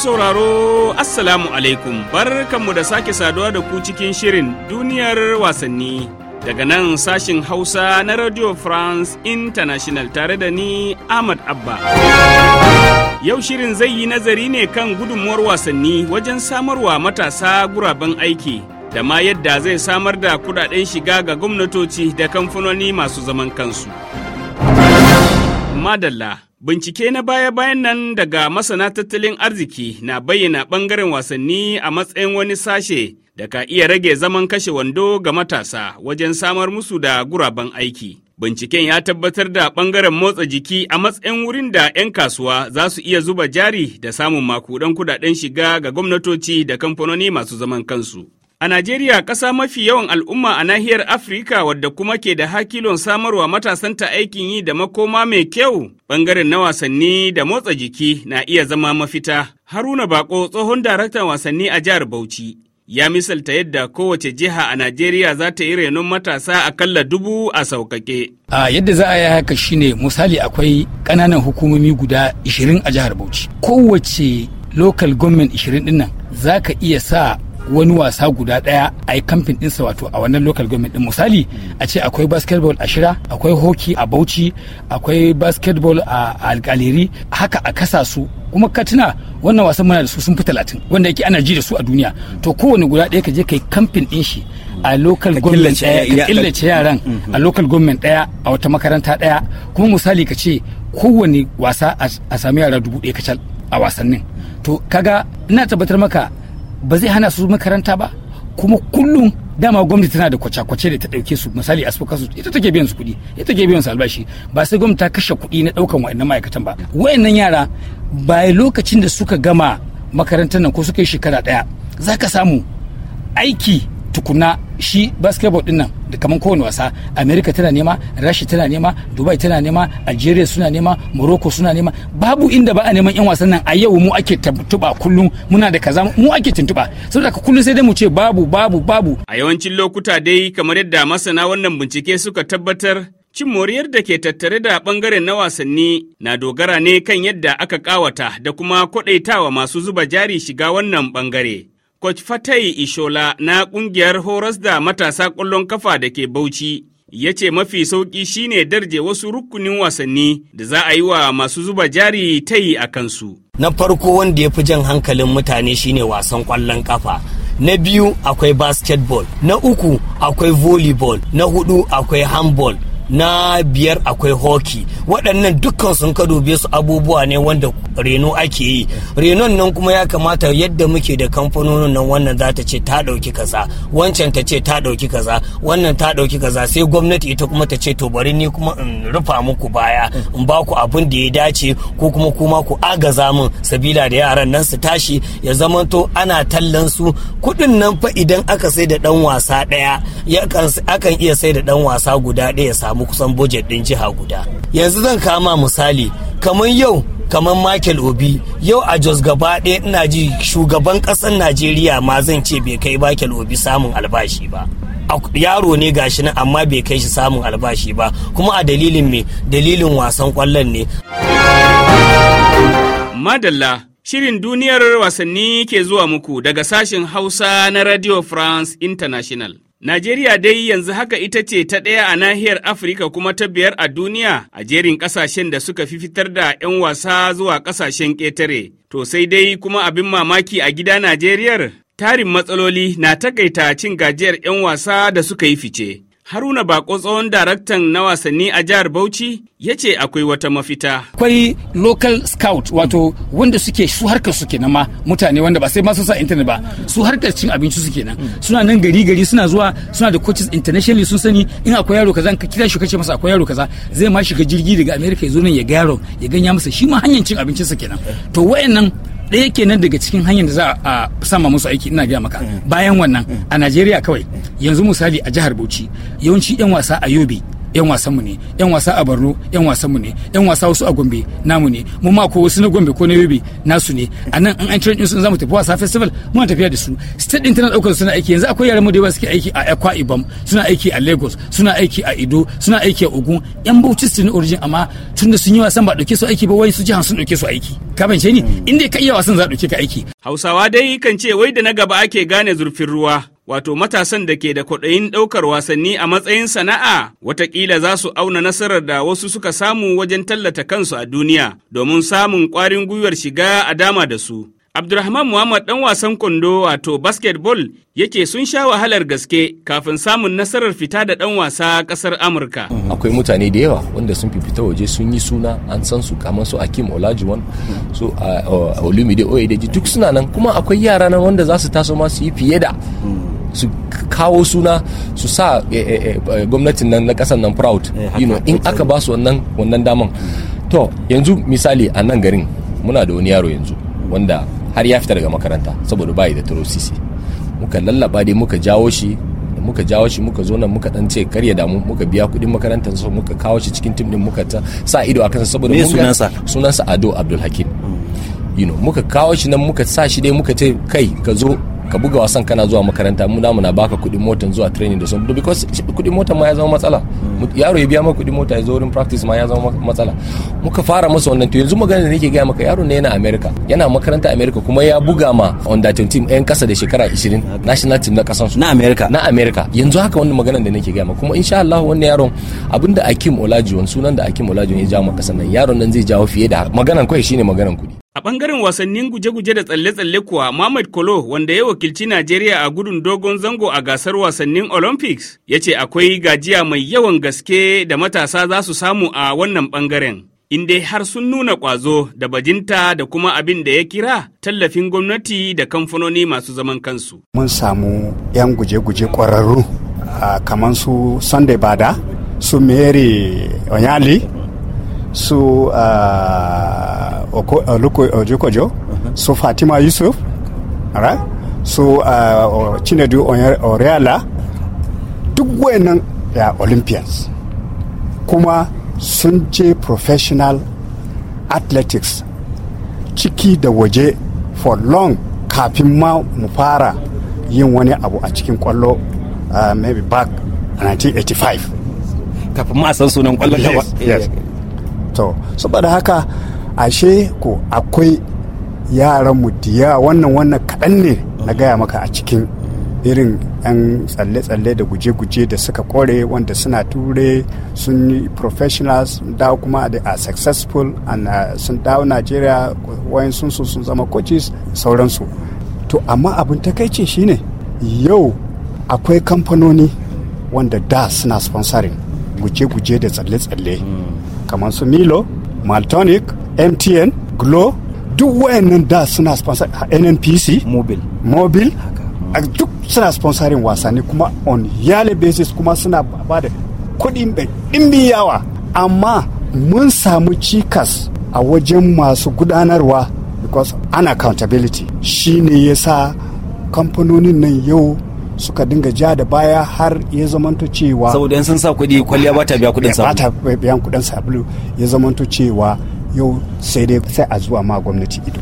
sauraro Assalamu alaikum bar kanmu da sake saduwa da ku cikin shirin duniyar wasanni daga nan sashin Hausa na Radio France International tare da ni Ahmad Abba. Yau shirin zai yi nazari ne kan gudunmuwar wasanni wajen samarwa matasa guraben aiki da ma yadda zai samar da kudaden shiga ga gwamnatoci da kamfanoni masu zaman kansu. Madalla. Bincike na baya-bayan nan daga masana tattalin arziki na bayyana ɓangaren wasanni a matsayin wani sashe da ka iya rage zaman kashe wando ga matasa wajen samar musu da guraben aiki. Binciken ya tabbatar da ɓangaren motsa jiki a matsayin wurin da 'yan kasuwa za su iya zuba jari da samun makudan kudaden shiga ga gwamnatoci da kamfanoni masu zaman kansu. A Najeriya ƙasa mafi yawan al'umma a nahiyar Afirka wadda kuma ke da hakilon samarwa matasanta aikin yi da makoma mai kyau ɓangaren na wasanni da motsa jiki na iya zama mafita. Haruna Bako tsohon daraktan wasanni a jihar Bauchi. Ya misalta yadda kowace jiha a Najeriya za ta yi renon matasa a akalla dubu a sauƙaƙe. a yadda za a yi haka shine misali akwai ƙananan hukumomi guda 20 a jihar Bauchi. Kowace local government 20 ɗin nan za ka iya sa wani wasa guda daya a yi kamfin ɗinsa wato a wannan local government din misali a ce akwai basketball a shira akwai hockey a bauchi akwai basketball a alkaliri haka a kasa su kuma katina wannan wasan muna da su sun fi talatin wanda yake ana ji da su a duniya to kowane guda ɗaya ka je ka yi kamfin ɗin shi a local government ɗaya ka killace yaran mhm. a local government ɗaya a wata makaranta ɗaya kuma misali ka ce kowane wasa a sami yara dubu ɗaya kacal a wasannin to kaga ina tabbatar maka ba zai hana su makaranta ba kuma kullum dama gwamnati tana da kwace-kwace da ta ɗauke su misali asfaka su ita take biyan su kuɗi ita take biyan su albashi ba sai gwamnati ta kashe kuɗi na ɗaukan wa'annan ma'aikatan ba wa'annan yara bayan lokacin da suka gama makarantar nan ko suka yi shekara ɗaya za ka samu aiki tukuna shi basketball din nan da kamar kowane wasa america tana nema rashi tana nema dubai tana nema algeria suna nema morocco suna nema babu inda ba a neman yan wasan nan a yau mu ake tuntuba kullum muna da kaza mu ake tuntuba saboda ka kullum sai dai mu ce babu babu babu a yawancin lokuta dai kamar yadda masana wannan bincike suka tabbatar cin moriyar da ke tattare da bangaren na wasanni na dogara ne kan yadda aka kawata da kuma kwadaitawa masu zuba jari shiga wannan bangare Coach Ishola na kungiyar horas da matasa ƙwallon kafa da ke Bauchi ya ce mafi sauƙi shine darje wasu rukunin wasanni da za a yi wa masu zuba jari ta yi a kansu. Na farko wanda ya fi jan hankalin mutane shine wasan ƙwallon kafa. Na biyu akwai basketball, na uku akwai volleyball, na hudu akwai handball, na biyar akwai hockey waɗannan dukkan sun ka dube su abubuwa ne wanda reno ake yi renon nan kuma ya kamata yadda muke da kamfanonin nan wannan za ta ce ta ɗauki kaza wancan ta ce ta ɗauki kaza wannan ta ɗauki kaza sai gwamnati ita kuma ta ce to bari ni kuma in rufa muku baya in ba ku abin da ya dace ko kuma kuma ku agaza min sabila da yaran nan su tashi ya zamanto ana tallan su kuɗin nan fa idan aka sai da ɗan wasa ɗaya akan iya sai da ɗan wasa guda ɗaya ya samu samu kusan budget din jiha guda yanzu zan kama misali kamar yau kamar Michael Obi yau a Jos gaba ɗaya ina ji shugaban ƙasar Najeriya ma zan ce bai kai Michael Obi samun albashi ba yaro ne gashi nan amma bai kai shi samun albashi ba kuma a dalilin me dalilin wasan kwallon ne madalla shirin duniyar wasanni ke zuwa muku daga sashen hausa na radio france international Najeriya dai yanzu haka ita ce ta ɗaya a nahiyar Afirka kuma ta biyar a duniya a jerin ƙasashen da suka fi fitar da 'yan wasa zuwa ƙasashen ƙetare. To sai dai kuma abin mamaki a gida Najeriyar tarin matsaloli na takaita cin gajiyar 'yan wasa da suka yi fice. Haruna Bako tsohon daraktan na wasanni a jihar Bauchi ya ce akwai wata mafita. Akwai local scout wato wanda suke su harkar suke kenan ma mutane wanda ba sai ma sun sa internet ba su harkar cin abinci suke nan suna nan gari gari suna zuwa suna da coaches internationally sun sani in akwai yaro kaza ka kira shi kace masa akwai yaro kaza zai ma shiga jirgi daga America ya zo nan ya ga yaro ya ganya masa shi ma hanyar cin abincin suke kenan to wayannan ɗaya kenan daga cikin hanyar da za a sama musu aiki ina gaya maka bayan wannan a najeriya kawai yanzu misali a jihar bauchi yawanci 'yan wasa a yobe yan wasan mu ne yan wasa a Borno yan wasan mu ne yan wasa wasu a Gombe namu ne mu ma ko wasu na Gombe ko na Yobe nasu ne a nan an an cire sun zama tafi wasa festival muna tafiya da su state din tana daukar suna aiki yanzu akwai yaran mu da yawa suke aiki a Akwa Ibom suna aiki a Lagos suna aiki a ido suna aiki a Ogun yan Bauchi su ne origin amma tunda sun yi wasan ba dauke su aiki ba wai su jihan sun dauke su aiki ka bance ni hmm. inda ka iya wasan za dauke ka aiki Hausawa dai kan ce wai da na gaba ake gane zurfin ruwa wato matasan da ke da kwaɗayin ɗaukar wasanni a matsayin sana'a watakila za su auna nasarar da wasu suka samu wajen tallata kansu a duniya domin samun ƙwarin gwiwar shiga a dama da su. Abdulrahman Muhammad ɗan wasan kwando wato basketball yake sun sha wahalar gaske kafin samun nasarar fita da ɗan wasa ƙasar Amurka. Akwai mutane da yawa wanda sun fita waje sun yi suna an san su kamar su Akim Olajuwon su uh, uh, Olumide Oyedeji duk suna nan kuma akwai yara nan wanda za su taso ma yi fiye da su kawo suna su sa eh, eh, eh, gwamnatin nan na kasan nan proud you know in aka ba su wannan wannan daman to yanzu misali a nan garin muna da wani yaro yanzu wanda har ya fita daga makaranta saboda bayi da turo sisi muka lallaba dai muka jawo shi muka jawo shi muka zo nan muka dan ce kar ya damu muka biya kudin makarantar sa muka kawo shi cikin tim din muka sa ido akan saboda mun sunansa sunansa Ado Abdul Hakim hmm. you know muka kawo shi nan muka sa shi dai muka ce kai ka zo ka buga wasan kana zuwa makaranta mu namu na baka kuɗin motan zuwa training da sun because kuɗin motan ma ya zama matsala yaro ya biya maka kuɗin mota ya zo wurin practice ma ya zama matsala muka fara masa wannan to yanzu magana da nake gaya maka yaro ne yana America yana makaranta America kuma ya buga ma on that team ɗayan kasa da shekara 20 national team na kasan su na America na America yanzu haka wannan magana da nake gaya maka kuma insha Allah wannan yaron abinda Akim Olajuwon sunan da Akim Olajuwon ya jawo maka nan yaron nan zai jawo fiye da maganan kai shine maganan kuɗi A ɓangaren wasannin guje-guje da tsalle-tsalle kuwa Mohamed Kolo wanda ya wakilci Najeriya a gudun dogon zango a gasar wasannin Olympics ya ce akwai gajiya mai yawan gaske da matasa za su samu a wannan ɓangaren. Inde har sun nuna ƙwazo da bajinta da kuma abin da ya kira tallafin gwamnati da kamfanoni masu zaman kansu. Mun samu 'yan guje-guje kwararru kamar su Sunday Bada, su Mary Onyali, su ah, ah, ah, ojokojo uh-huh. su fatima yusuf su chinedu oriala duk wayannan ya olympians kuma sun je professional athletics ciki da waje for long kafin ma mu fara yin wani abu a cikin kwallo maybe back 1985 kafin ma san sunan kwallon yes, to saboda haka ashe ko akwai yaran mu diya wannan wannan kaɗan ne na gaya maka a cikin irin 'yan tsalle-tsalle da guje-guje da suka kore wanda suna ture sun yi professionals da kuma da a successful and uh, sun dawo nigeria wayan sun su sun zama coaches sauransu to amma abin takaici shine yau akwai kamfanoni wanda da suna sponsoring guje-guje da tsalle-tsalle mm. kamar su milo maltonic mtn glo duk wayannan da suna sponsor nnpc mobile mobile duk suna sponsoring wasanni kuma on yearly basis kuma suna ba da kuɗi mai yawa amma mun samu cikas a wajen masu gudanarwa because unaccountability shine yasa kamfanonin nan yau suka dinga ja da baya har ya zamanto cewa saboda yan sun sa kuɗi kwalliya ba ta biya kuɗin sabulu ba ta biya kuɗin sabulu ya zamanto cewa yau sai dai sai a zuwa ma gwamnati ido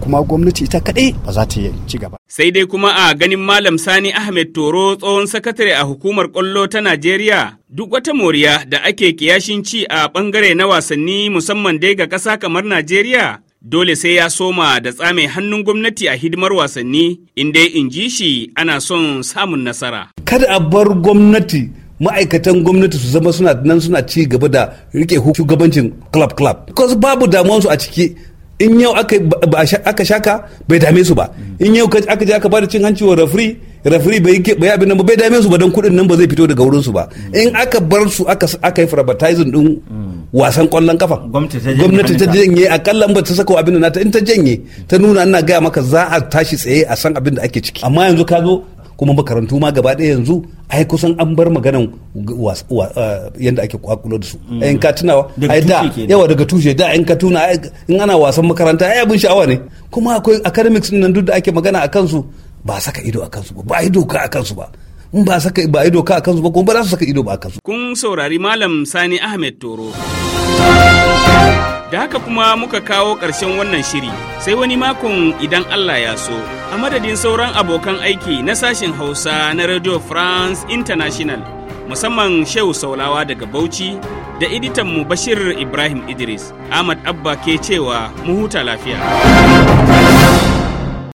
kuma gwamnati ita kaɗai ba za ta ci gaba. Sai dai kuma a ganin Malam Sani Ahmed Toro tsohon sakatare a hukumar kwallo ta Najeriya duk wata moriya da ake kiyashin ci a ɓangare na wasanni musamman dai ga ƙasa kamar Najeriya dole sai ya soma da tsame hannun gwamnati a hidimar wasanni inda in ji shi ana son samun nasara. Kada a bar gwamnati ma'aikatan gwamnati su zama suna nan suna ci gaba da rike shugabancin club club. kwasu babu damuwansu a ciki in yau aka shaka bai dame su ba in yau aka je aka bada cin hanci wa rafri rafri bai bai abin nan ba bai dame su ba don kuɗin nan ba zai fito daga wurin su ba in aka bar su aka yi frabatizing ɗin. wasan kwallon kafa gwamnati ta janye akalla ba ta saka abin da nata in ta janye ta nuna ana gaya maka za a tashi tsaye a san abin da ake ciki amma yanzu ka zo kuma makarantu ma gaba ɗaya yanzu ai kusan an bar maganan eh, yadda ake kwakulo da su mm. in ka tuna ai da yawa daga tushe da in ka tuna in ana wasan makaranta ai abin sha'awa ne kuma akwai academics nan duk da ake magana a kansu ba saka ido a kansu ba ba yi doka a kansu ba in ba saka ba ido ka kansu ba kuma ba za su saka ido ba kansu. kun saurari malam Sani Ahmed Toro da haka kuma muka kawo ƙarshen wannan shiri sai wani makon idan Allah ya so a madadin sauran abokan aiki na sashen Hausa na Radio France International musamman Shehu Saulawa daga Bauchi da editanmu Bashir Ibrahim Idris Ahmad Abba ke cewa mu huta lafiya